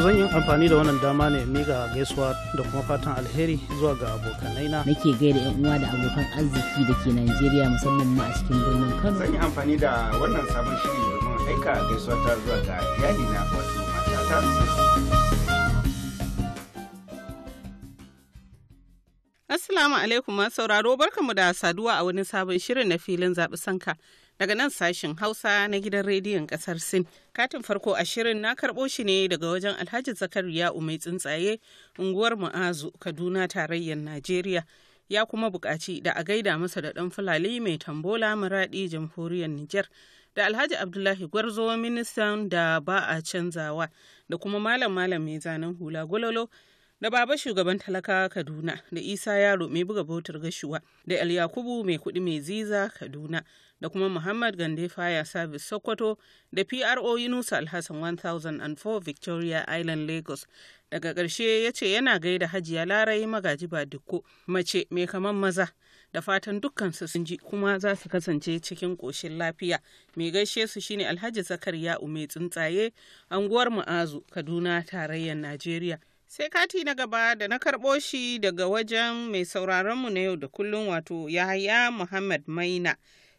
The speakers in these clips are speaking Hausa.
zan yi amfani da wannan dama ne mi ga gaisuwa da kuma fatan alheri zuwa ga abokanai na. Nake gaida yan uwa da abokan arziki da ke Najeriya musamman ma a cikin birnin Kano. Zan yi amfani da wannan sabon shirin domin aika gaisuwa ta zuwa ga iyali na wato matata. Assalamu alaikum masauraro barkamu da saduwa a wani sabon shirin na filin zaɓi sanka. daga nan sashin hausa na gidan rediyon kasar sin katin farko ashirin na karɓo shi ne daga wajen alhaji zakariya umai tsuntsaye unguwar mu'azu kaduna tarayyar najeriya ya kuma buƙaci da a gaida masa da ɗan fulali mai tambola maraɗi jamhuriyar niger da alhaji abdullahi gwarzo ministan da ba a canzawa da kuma malam malam mai zanen hula gololo da baba shugaban talakawa kaduna da isa yaro mai buga bautar gashuwa da el yakubu mai kuɗi mai ziza kaduna da kuma Muhammad Gande Fire Service Sokoto da PRO Yunusa Alhassan 1004 Victoria Island Lagos. Daga ƙarshe ya ce yana gaida Hajiya Larai Magaji ba Dikko mace mai kaman maza. Da fatan dukkan su sun ji kuma za su kasance cikin ƙoshin lafiya. Mai gaishe su shine Alhaji Zakariya Ume Tsuntsaye, anguwar Mu'azu, Kaduna, tarayyar Najeriya. sai kati na gaba da na karɓo shi daga wajen mai sauraronmu na yau da kullum wato yahaya muhammad maina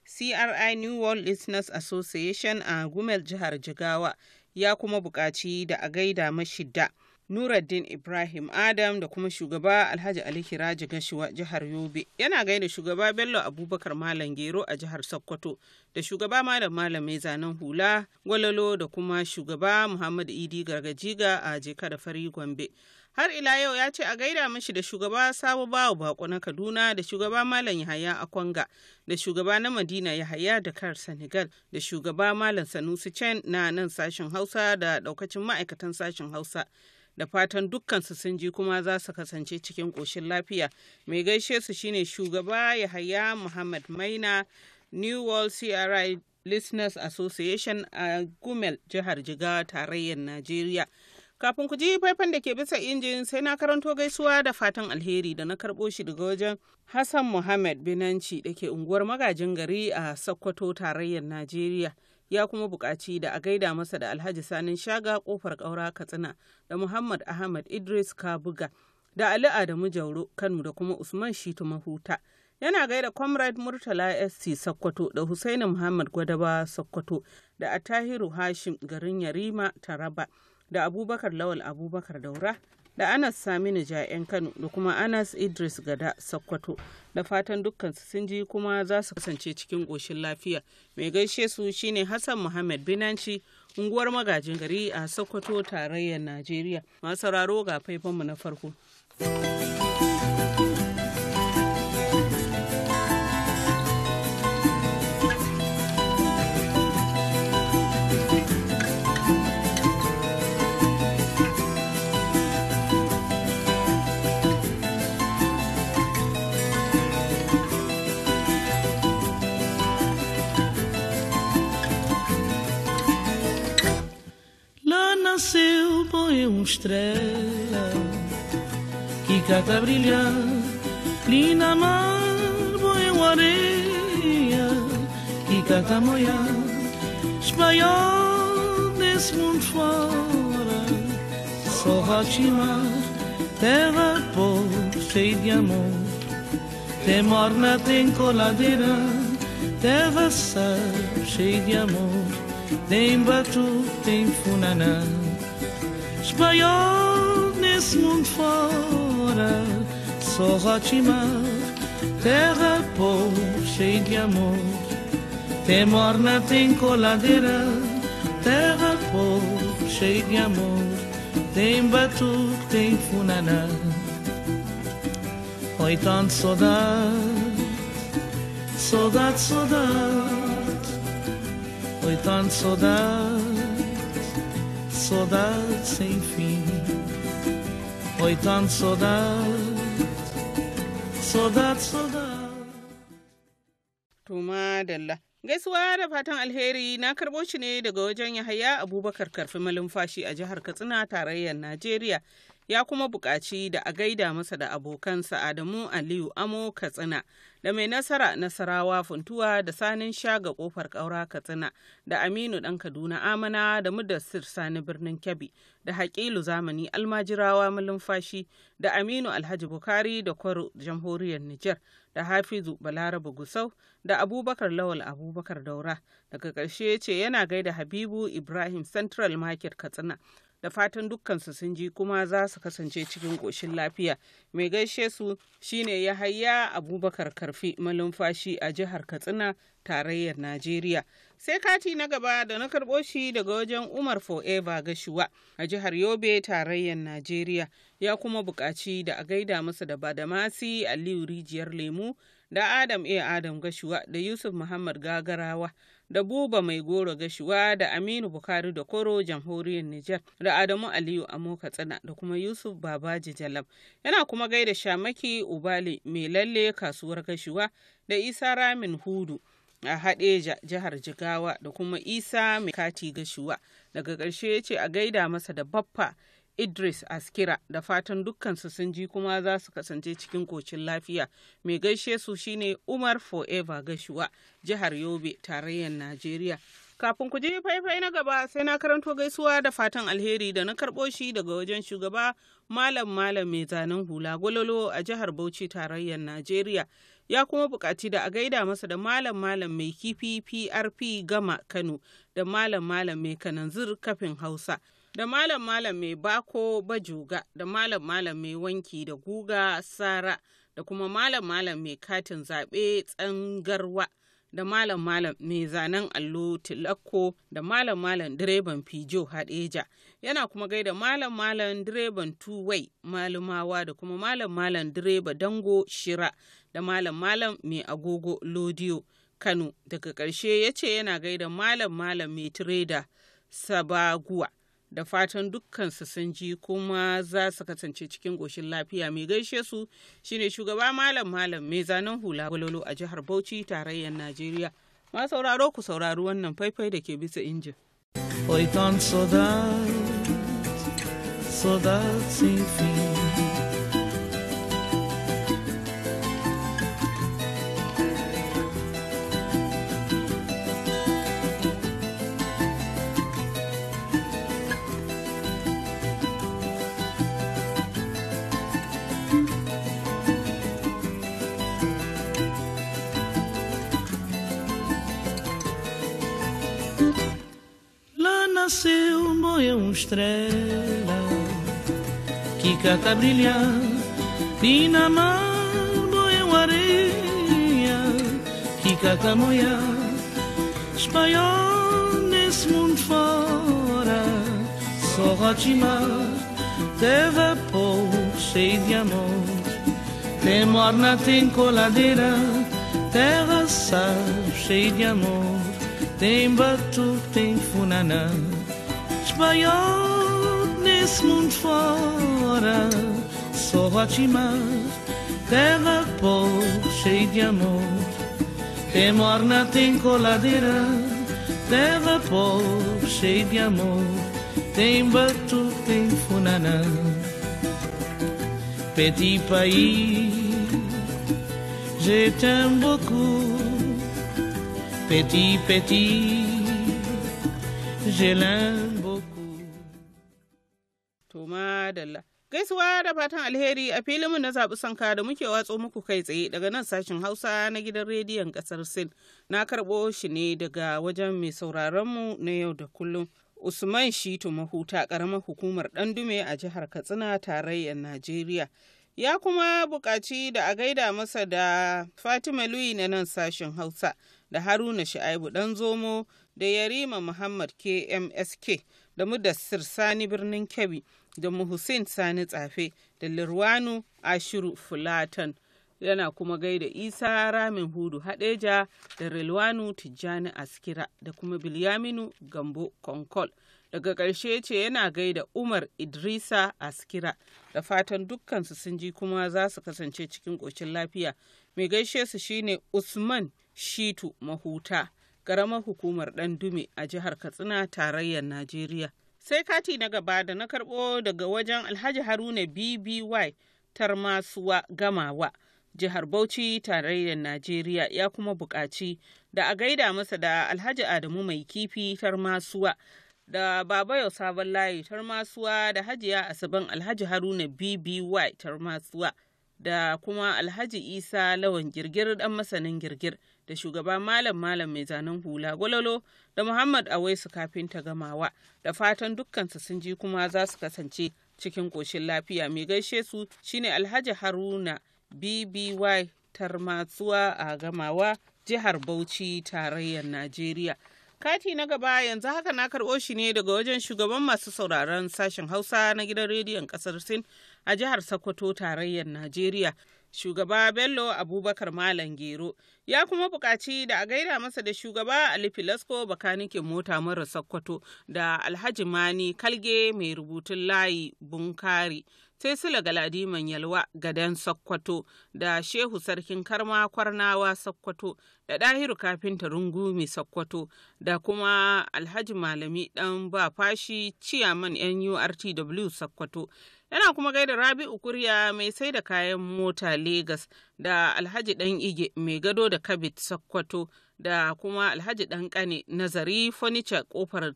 CRI New World Listeners Association a Gumel jihar Jigawa ya kuma buƙaci da a gaida mashidda. Nuruddin Ibrahim Adam da kuma shugaba Alhaji Ali Kiraji Gashuwa jihar Yobe yana gaida shugaba Bello Abubakar Malam Gero a jihar Sokoto da shugaba Malam Malam mai zanen hula Gwalalo da kuma shugaba Muhammad Idi Gargajiga a Jeka da Fari Gombe. har ila yau ya ce a gaida mashi da shugaba sabo bawa bako na kaduna da shugaba malam yahaya akwanga da shugaba na madina yahaya da kar senegal da shugaba malam sanusi chen na nan sashen hausa da daukacin ma'aikatan sashen hausa da fatan dukkan su sun ji kuma za su kasance cikin ƙoshin lafiya mai gaishe su shine shugaba yahaya muhammad maina new world cri listeners association a gumel jihar jigawa tarayyar najeriya Kafin ku ji faifan da ke bisa injin sai na karanto gaisuwa da fatan alheri da na karɓo shi daga wajen Hassan Muhammad Binanci da ke unguwar magajin gari a Sokoto tarayyar Najeriya. Ya kuma buƙaci da a gaida masa da Alhaji Sanin Shaga kofar ƙaura Katsina da Muhammad Ahmad Idris Kabuga da Ali Adamu Jauro Kano da kuma Usman Shitu Mahuta. yana gaida comrade murtala sc sokoto da husaini muhammad gwadaba sokoto da atahiru hashim garin yarima taraba da abubakar lawal abubakar daura da anas saminu ja'yan kano da kuma anas idris gada sakkwato da fatan dukkansu su sun ji kuma za su kasance cikin ƙoshin lafiya mai gaishe su shine hassan muhammad binanci unguwar magajin gari a sakkwato tarayyar najeriya masu sauraro ga faifanmu na farko estrela que cata a tá brilhar, linda mar, boa é areia que cata a tá moiar, espanhol desse mundo fora, só Vatimar, terra pobre, cheia de amor, tem morna, tem coladeira, terra sal, cheia de amor, tem batu, tem funaná gente nesse mundo fora. Só Rotimar, terra pobre, cheia de amor. Tem morna, tem coladeira, terra pobre, cheia de amor. Tem batuque, tem funaná. Oi, tanto saudade, saudade, saudade. Oi, tanto saudade. saudade sem fim. Oi, tanto saudade, saudade, saudade. Toma, Dalla. Gaisuwa da fatan alheri na karɓo shi ne daga wajen Yahaya Abubakar Karfi Malumfashi a jihar Katsina tarayyar Najeriya. ya kuma buƙaci da a gaida masa da abokansa Adamu Aliyu Amo Katsina da mai nasara nasarawa funtuwa da sanin shaga ƙofar ƙaura Katsina da Aminu ɗan Kaduna Amana da Mudassir Sani birnin Kebbi da Haƙilu Zamani Almajirawa Malumfashi da Aminu Alhaji Bukari da Kwaro Jamhuriyar Nijar da Hafizu Balarabu Gusau da Abubakar Lawal Abubakar Daura daga ƙarshe ce yana gaida Habibu Ibrahim Central Market Katsina da fatan dukkansu sun ji kuma za su kasance cikin ƙoshin lafiya mai gaishe su shine ya hayya abubakar karfi malumfashi a jihar katsina tarayyar najeriya sai kati na gaba da na karɓo shi daga wajen umar forever gashuwa a jihar yobe tarayyar najeriya ya kuma buƙaci da a gaida masa da badamasi aliyu rijiyar lemu da Adam A. Adam Gashuwa da Yusuf Muhammad Gagarawa da Buba Mai Goro Gashuwa da Aminu Bukari da Koro Jamhuriyar Nijar da Adamu Aliyu Amo Katsina da kuma Yusuf Babaji Jalam Yana kuma gaida Shamaki Ubali Mai Lalle Kasuwar Gashuwa da Isa Ramin Hudu a Hadeja jihar Jigawa da kuma Isa Mai Kati Gashuwa. Daga ƙarshe ya ce a gaida masa da Baffa Idris Askira da fatan dukkansu sun ji kuma za su kasance cikin kocin lafiya. Mai gaishe su shine Umar Forever Gashuwa, jihar Yobe, tarayyar Najeriya. Kafin ku je faifai na gaba sai na karanto gaisuwa da fatan alheri da na karɓo shi daga wajen shugaba Malam Malam mai zanen hula gwalolo a jihar Bauchi tarayyar Najeriya. ya kuma bukaci da a gaida masa da malam malam mai kifi prp gama kano da malam malam mai kananzir kafin hausa da malam malam mai bako bajuga da malam malam mai wanki da guga sara da kuma malam malam mai katin zaɓe tsangarwa da malam malam mai zanen allo tilakko da malam malam direban fijo hadeja yana kuma gaida malam malam direban tuwai malumawa da kuma malam malam direba dango shira da malam malam mai agogo lodiyo kano daga ƙarshe ya ce yana gaida malam malam mai tireda sabaguwa da fatan dukkansu sun ji kuma za su kasance cikin goshin lafiya mai gaishe su shine shugaba malam malam mai zanen hula bololo a jihar bauchi tarayyar najeriya ma sauraro ku saurari wannan faifai da ke bisa injin Foi tão so saudade estrela que cata brilhar, na mar, a areia, que cata moia, espanhol nesse mundo fora, só rotimar, teve pouco cheio de amor, nem morna tem coladeira, terra sal cheia de amor, tem batu, tem funaná desmaiado nesse mundo fora. Só Guatimã, terra pobre, cheia de amor. Tem morna, tem coladeira, terra pobre, cheia de amor. Tem batu, tem funanã. Petit país, je t'aime beaucoup. Petit, petit, je l'aime. To madalla. Gaisuwa da fatan alheri a filinmu na zaɓi sanka da muke watso muku kai tsaye daga nan sashen Hausa na gidan rediyon ƙasar Sin. Na karɓo shi ne daga wajen mai sauraronmu na yau da kullum. Usman Shitu Mahuta ƙaramar hukumar Ɗandume a jihar Katsina tarayyar Najeriya. Ya kuma buƙaci da a gaida masa da Fatima Lui na nan sashen Hausa da Haruna Sha'ibu ɗan zomo da Yarima Muhammad KMSK da Mudassir Sani birnin Kebbi. da Hussein Sani Tsafe da Lirwanu Ashiru Fulatan. Yana kuma gaida Isa Ramin Hudu Hadeja da Rilwanu Tijjani Askira da kuma Bilyaminu Gambo Konkol. Daga ƙarshe ce yana gaida Umar Idrisa Askira da fatan dukkansu sun ji kuma za su kasance cikin ƙoshin lafiya. Mai gaishe su shine Usman Shitu Mahuta, ƙaramar hukumar Ɗan Dume a jihar Katsina, tarayyar Najeriya. sai kati na gaba da na karbo daga wajen alhaji haruna bby tarmasuwa gamawa jihar bauchi tarayyar najeriya ya kuma buƙaci da a gaida masa da alhaji adamu mai kifi tarmasuwa da baba yau sabon layi tarmasuwa da hajiya asaban alhaji haruna bby tarmasuwa da kuma alhaji isa lawan girgir dan masanin girgir da shugaba malam malam mai zanen hula gwalolo da muhammad awaisu kafin ta gamawa da fatan dukkansu sun ji kuma za su kasance cikin koshin lafiya mai gaishe su shine alhaji haruna bby tarmatsuwa a gamawa jihar bauchi tarayyar najeriya kati na gaba yanzu haka na karɓo shi ne daga wajen shugaban masu sauraron sashen hausa na gidan rediyon ƙasar sin a jihar sokoto tarayyar najeriya shugaba bello abubakar malam gero ya kuma buƙaci da a gaida masa da shugaba ali filasko bakanikin mota mara sakkwato da alhaji mani kalge mai rubutun layi bunkari sai sula galadiman yalwa gadan sakkwato da shehu sarkin karma kwarnawa sakkwato da ɗahiru kafinta rungumi sakkwato da kuma alhaji malami ɗan ba fashi ciyaman nurtw sakkwato Yana kuma gaida Rabi'u Kurya mai sai da kayan mota Legas da Alhaji Dan Ige mai gado da Kabit Sokoto da kuma Alhaji Dan Kane nazari furniture kofar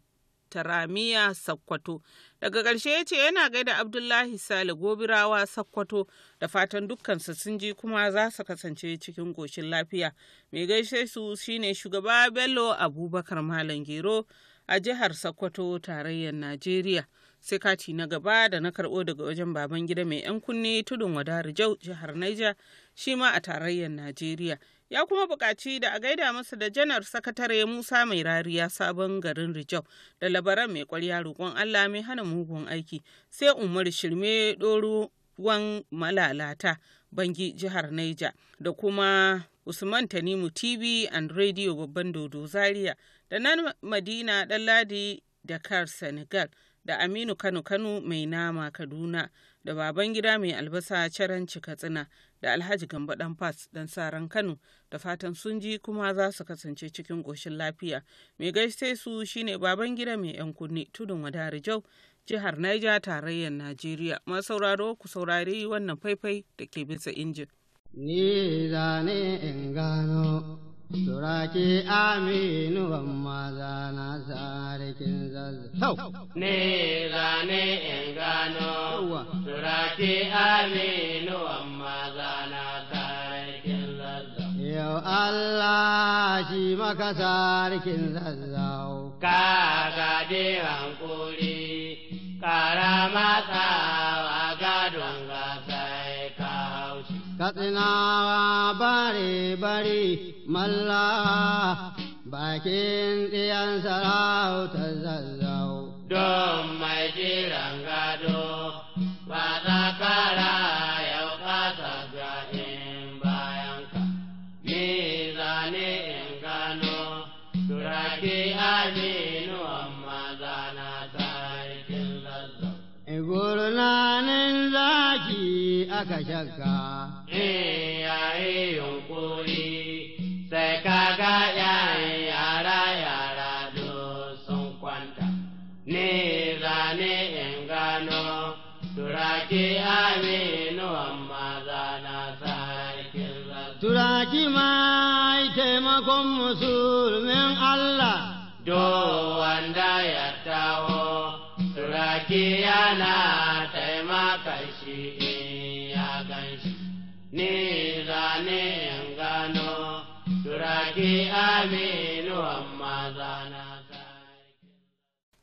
Taramiya Sakkwato. Daga ƙarshe ya ce yana gaida Abdullahi Sale Gobirawa Sakkwato da fatan su sun ji kuma za su kasance cikin goshin lafiya. Mai gaishe su shine shugaba Bello Abubakar Malam Gero a jihar Sakkwato tarayyar Najeriya. sai kati na gaba da na karɓo daga wajen baban gida mai 'yan kunne tudun wadar jau jihar Niger shi ma a tarayyar Najeriya. Ya kuma bukaci da a gaida masa da janar sakatare Musa mai rariya sabon garin Rijau da labaran mai ƙwarya roƙon Allah mai hana mugun aiki sai Umar Shirme Doruwan Malalata Bangi jihar Niger da kuma Usman Tanimu TV and Radio Babban Dodo Zaria da nan Madina Ɗanladi Dakar Senegal da Aminu Kano Kano mai nama Kaduna da baban gida mai albasa Caranci Katsina da Alhaji Gambo dan Fas dan Saran Kano da fatan sun ji kuma za su kasance cikin ƙoshin lafiya. Mai gaishe su shine baban gida mai yan kunni tudun wadari jau jihar Niger tarayyar Najeriya. Masauraro ku saurari wannan faifai da ke bisa injin. Ni zane in gano Suraki Aminu amma na sarkin zazzau. Ne zane in gano, Suraki Aminu amma na tsarikin zazzau. Yau Allah shi maka tsarikin zazzau. Ka gade hankuri, kara matsawa gadon ga. katsinawa bare bare malla bakin ɗiyan sarauta zazzau. Don mai jiran gado ba ta kara yau kasa ga'in bayanka, ni zane in gano turaki aminu amma zana sarkin zazzau. Gurnanin zaki aka shakka. in yayi yunkuri sai kaga yayin yara yara do sun kwanta ni zane in gano turaki aminu amma zana sarkin turaki mai taimakon musulmin Allah do wanda ya tawo turaki yana taimaka ne ngano turaki aminu amma zana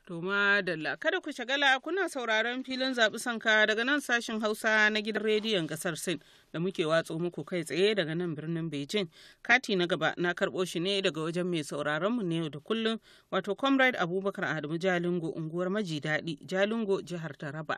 to Dalla, kada ku shagala kuna sauraron filin zaɓi sanka daga nan sashin Hausa na gidan rediyon ƙasar Sin da muke watso muku kai tsaye daga nan birnin Beijing. Kati na gaba na karɓo shi ne daga wajen mai sauraron mu ne yau da kullum wato Comrade Abubakar Adamu Jalingo unguwar Maji Daɗi Jalingo jihar Taraba.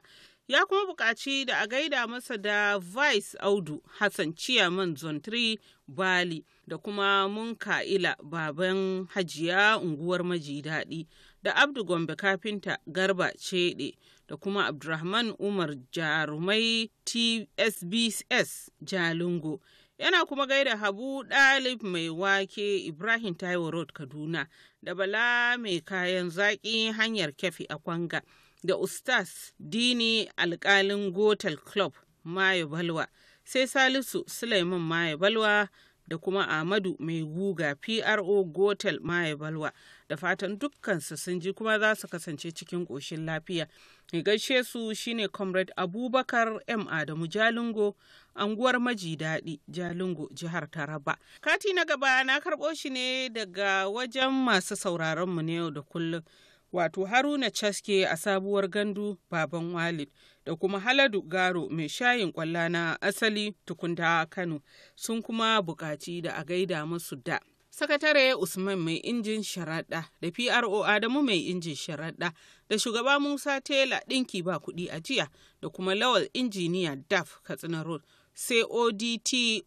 Ya kuma buƙaci da a gaida masa da Vice Audu Hassan Ciyaman Zone 3 Bali da kuma munka ila Baban Hajiya unguwar Maji Daɗi. da Abdu Gombe Kafinta Garba Cede da kuma Abdurrahman Umar Jarumai TSBS Jalingo. Yana kuma gaida Habu Dalib mai wake Ibrahim Taiwo Road Kaduna da Bala mai kayan zaƙi hanyar kefi a Kwanga da Ustaz Dini alƙalin Gotal Club Mayo Balwa sai Salisu Suleiman Mayo Balwa da kuma Ahmadu mai guga PRO gotel Mayo Balwa. da fatan dukkansu sun ji kuma za su kasance cikin ƙoshin lafiya gaishe su shine comrade abubakar m adamu jalingo anguwar maji daɗi jalingo jihar taraba kati na gaba na karɓo shi ne daga wajen masu sauraron mu na yau da kullum wato haruna Chaske a sabuwar gandu baban walid da kuma haladu garo mai shayin kwallana na asali tukunta kano sun kuma buƙaci da a gaida musu da sakatare usman mai injin sharaɗa da pro adamu mai injin sharaɗa da shugaba musa tela ɗinki ba kuɗi a jiya da kuma lawal injiniya daf katsina road sai odt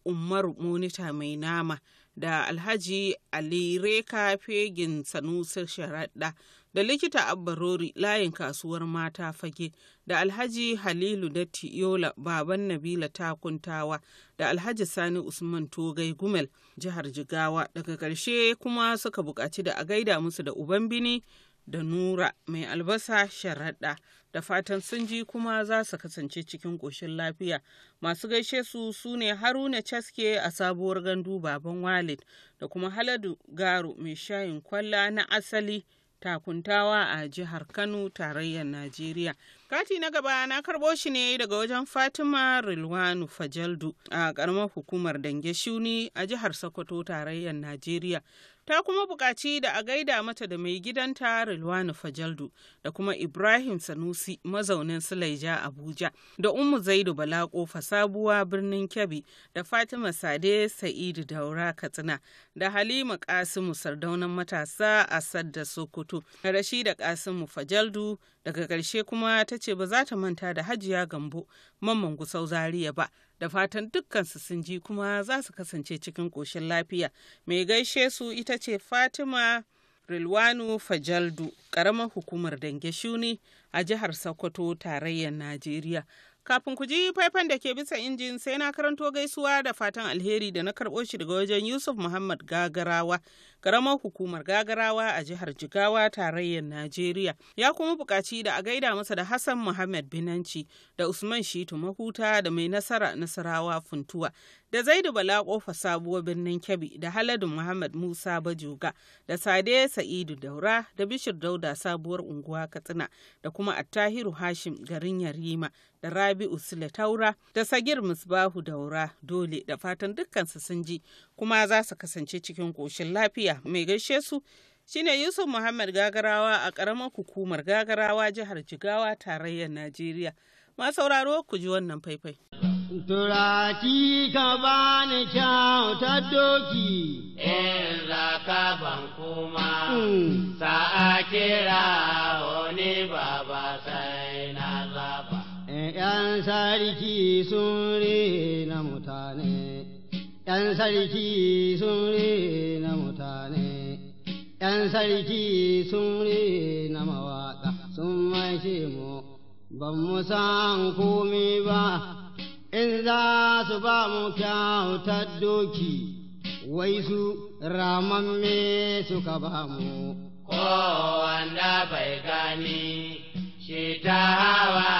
umar monita mai nama da alhaji ali reka fegin sanusar sharaɗa da likita abbarori layin kasuwar mata fage da alhaji halilu datti Yola, baban nabila takuntawa da alhaji sani usman togai gumel jihar jigawa daga ƙarshe kuma suka buƙaci da a gaida musu da uban bini da nura mai albasa sharaɗa da fatan sun ji kuma za su kasance cikin ƙoshin lafiya masu gaishe su su ne haruna caske a sabuwar gandu baban walid da kuma haladu garo mai shayin kwalla na asali takuntawa a jihar Kano tarayyar Najeriya Kati na gaba na karɓo shi ne daga wajen Fatima Rilwanu Fajaldu a ƙaramar hukumar Dange Shuni a jihar Sokoto tarayyar Najeriya. Ta kuma buƙaci da a gaida mata da mai gidanta Rilwanu Fajaldu da kuma Ibrahim Sanusi mazaunin Sulaija Abuja da Ummu Zaidu Balako sabuwa birnin Kebbi da Fatima Sade Sa'idu Daura Katsina da Halima Kasimu Sardaunan matasa a Sadda Sokoto da Rashida Kasimu Fajaldu daga ƙarshe kuma ta ce ba za ta manta da hajiya gambo mamman gusau zaria ba da fatan dukkan su sun ji kuma za su kasance cikin ƙoshin lafiya mai gaishe su ita ce fatima rilwanu fajaldu ƙaramar hukumar dange shuni a jihar sokoto tarayyar najeriya Kafin ku ji faifan da ke bisa injin sai na karanto gaisuwa da fatan alheri da na karɓo shi daga wajen Yusuf Muhammad Gagarawa, karamar hukumar Gagarawa a jihar Jigawa tarayyar Najeriya. Ya kuma buƙaci da a gaida masa da Hassan Muhammad Binanci da Usman Shitu Mahuta da mai nasara Nasarawa Funtuwa da Zaidu Bala kofa sabuwar birnin Kebbi da Haladu Muhammad Musa Bajoga da Sade Sa'idu Daura da Bishir Dauda sabuwar unguwa Katsina da kuma Attahiru Hashim garin Yarima da Rabi'u Sule Taura da Sagir Musbahu Daura Dole da fatan dukkansu sun ji kuma za su kasance cikin koshin lafiya mai gaishe su shine Yusuf Muhammad Gagarawa a ƙaramar hukumar Gagarawa jihar Jigawa tarayyar Najeriya. sauraro ku ji wannan faifai. Turaki ka bani kyauta doki. In za ka ban kuma, hmm. a kira wani baba sai na zaba. Eh, ‘Yan sarki sun na mutane, ‘yan sarki sun na mutane, ‘yan sarki sun na mawaƙa, sun maishe mu ba mu san komi ba in za su ba mu kyautar doki wai su ramamme suka ba mu ko wanda bai gani shi ta hawa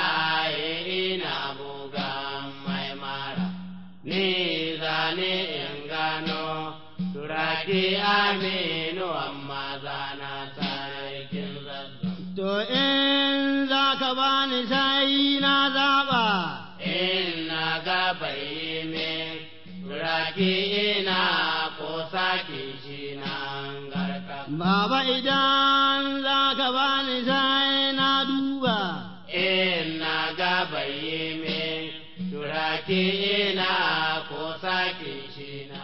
ina buga mai mara ni zane in gano turaki aminu amma zana sarkin zazzan to ka bani sai na zaba ina ga bai me raki ina ko sake shi na garka baba idan za ka bani sai na duba ina ga bai me raki ina ko sake shi na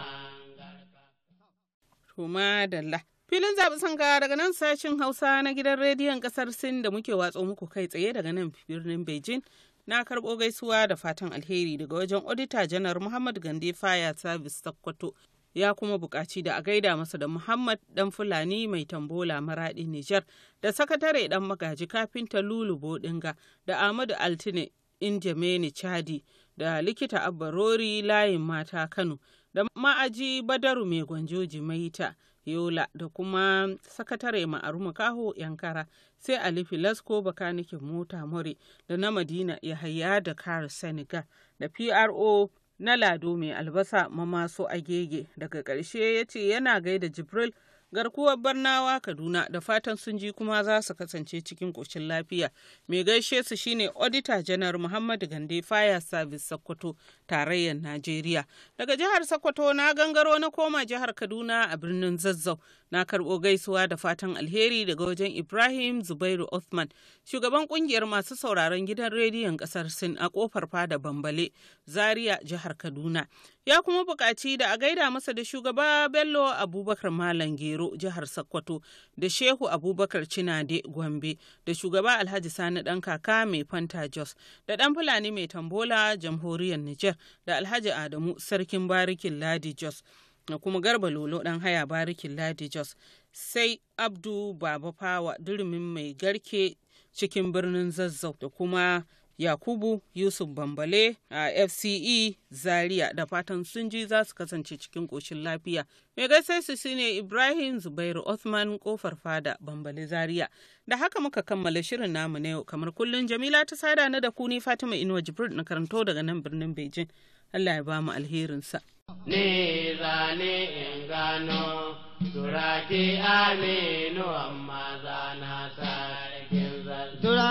garka da Filin zaɓi sanka daga nan sashen Hausa na gidan rediyon ƙasar Sin da muke watso muku kai tsaye daga nan birnin Beijing na karɓo gaisuwa da fatan alheri daga wajen Odita Janar Muhammad Gande Faya Service sakkwato ya kuma buƙaci da a gaida masa da Muhammad Dan Fulani mai tambola maraɗi Nijar da sakatare dan magaji kafinta Lulu Bodinga da Ahmadu Altine Injameni Chadi da likita Abba Rori layin mata Kano da ma'aji Badaru mai gwanjoji maita. yola da kuma sakatare ma'aru makaho yankara sai ali lasko bakanikin mota more da na madina haya da kar senegal da pro na lado mai albasa mamaso agege daga ƙarshe ya ce yana gaida jibril garkuwar barnawa kaduna da fatan sun ji kuma za su kasance cikin ƙoshin lafiya mai gaishe su shine auditor janar muhammadu gande fire service sokoto tarayyar najeriya daga jihar sokoto na gangaro na koma jihar kaduna a birnin zazzau na karɓo gaisuwa da fatan alheri daga wajen ibrahim zubairu othman shugaban kungiyar masu sauraron gidan rediyon ƙasar sin a kofar fada bambale zaria jihar kaduna ya kuma buƙaci da a gaida masa da shugaba bello abubakar malam gero jihar sokoto da shehu abubakar cinade gombe da shugaba alhaji sani ɗan kaka mai fanta jos da ɗan fulani mai tambola jamhuriyar niger da alhaji adamu sarkin barikin ladi jos da kuma garba lolo ɗan haya barikin ladi jos sai abdu baba fawa durumin mai garke cikin birnin zazzau da kuma yakubu yusuf bambale a fce zaria da fatan sun ji za su kasance cikin ƙoshin lafiya mai gaisai su shine ibrahim zubairu othman kofar fada bambale zaria da haka muka kammala shirin namu na yau kamar kullum jamila ta sada na da kuni fatima inuwa jibril na karanto daga nan birnin beijing allah ya ba mu alherinsa ne zane in gano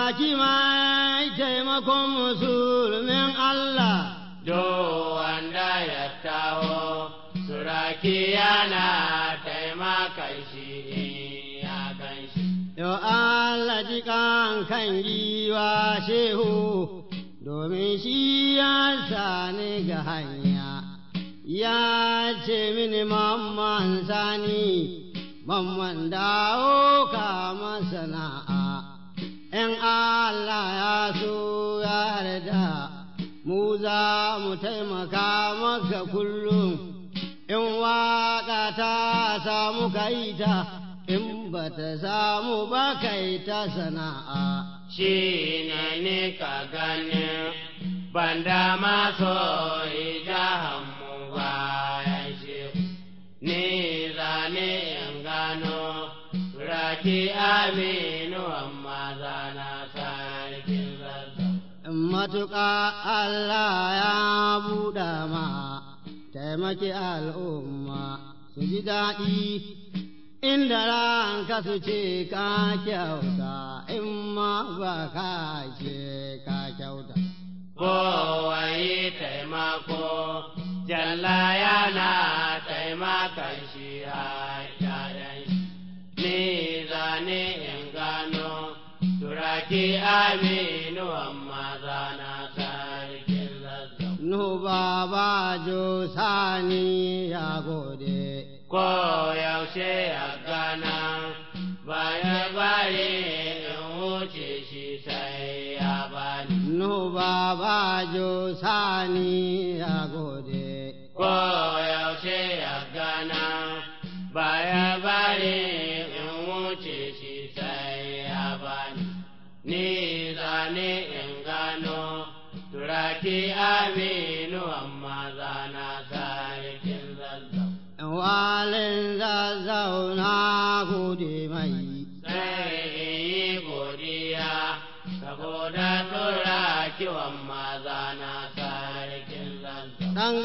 Gashi mai taimakon musulmin Allah. Do wanda ya taho, suraki yana taimakan shi ya kan shi. Yo Allah ji kan kan giwa shehu, domin shi ya sani ga hanya. Ya ce mini mamman sani, mamman dawo ka masana. in Allah ya so ya yarda mu za mu taimaka maka kullum in waƙa ta samu kaita in ba ta samu ba kaita sana'a shi ne ne ka gani banda maso ijahanmu bayan shi ne zane in gano raki aminu matuƙa Allah ya buɗa ma taimaki al'umma su ji daɗi inda ranka su ce ka kyauta in ma ba ka ce ka kyauta. Kowaye taimako, jalla yana taimakon shi har shi, ni zane in sarki aminu amma zana sarkin zazzau. Nuba jo sani ya gode. Ko yaushe ya gana baya bari wuce shi sai ya bani. Nuba ba jo sani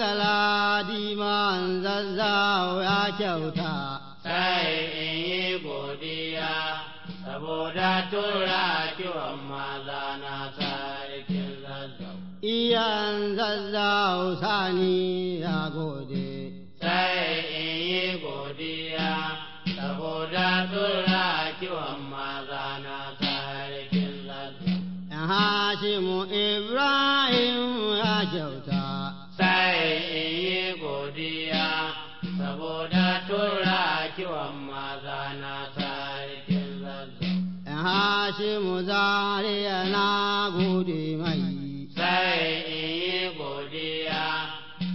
salati man ya kyauta sai in yi godiya saboda tura kiwon mazana na sarkin zazzau iyan zazzau sani ya gode na gode mai. Sai in yi godiya,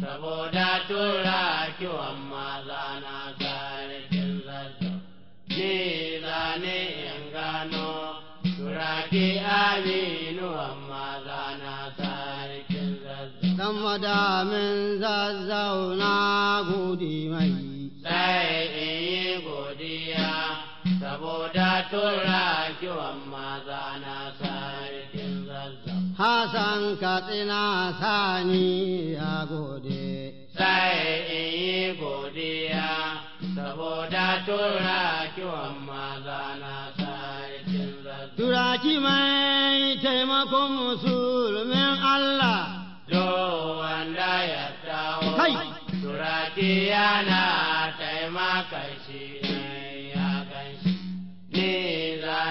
saboda tura kiwon maza na sarkin zazzau. Ni zane in gano, turaki aminuwan maza na sarkin zazzau. Dan madamin zazzau na gode mai. Sai in yi godiya. saboda tura kiwon maza na sarkin zazzab. Hasan Katsina sani ya gode. Sai in yi godiya saboda tura kiwon maza na sarkin zazzab. Turaki mai taimakon musulmin Allah. Do wanda ya tawo. Turaki yana taimakashi.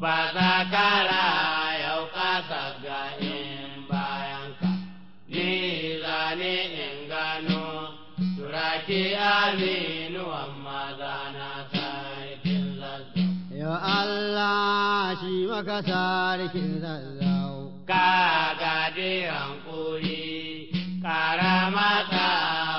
ba za kara yau kasa ga'in bayanka, ni zane in gano, turaki aminuwan maza na sarkin zazzau. Yau Allah shi makasa sarkin zazzau. Ka gadi hankuri, kara mata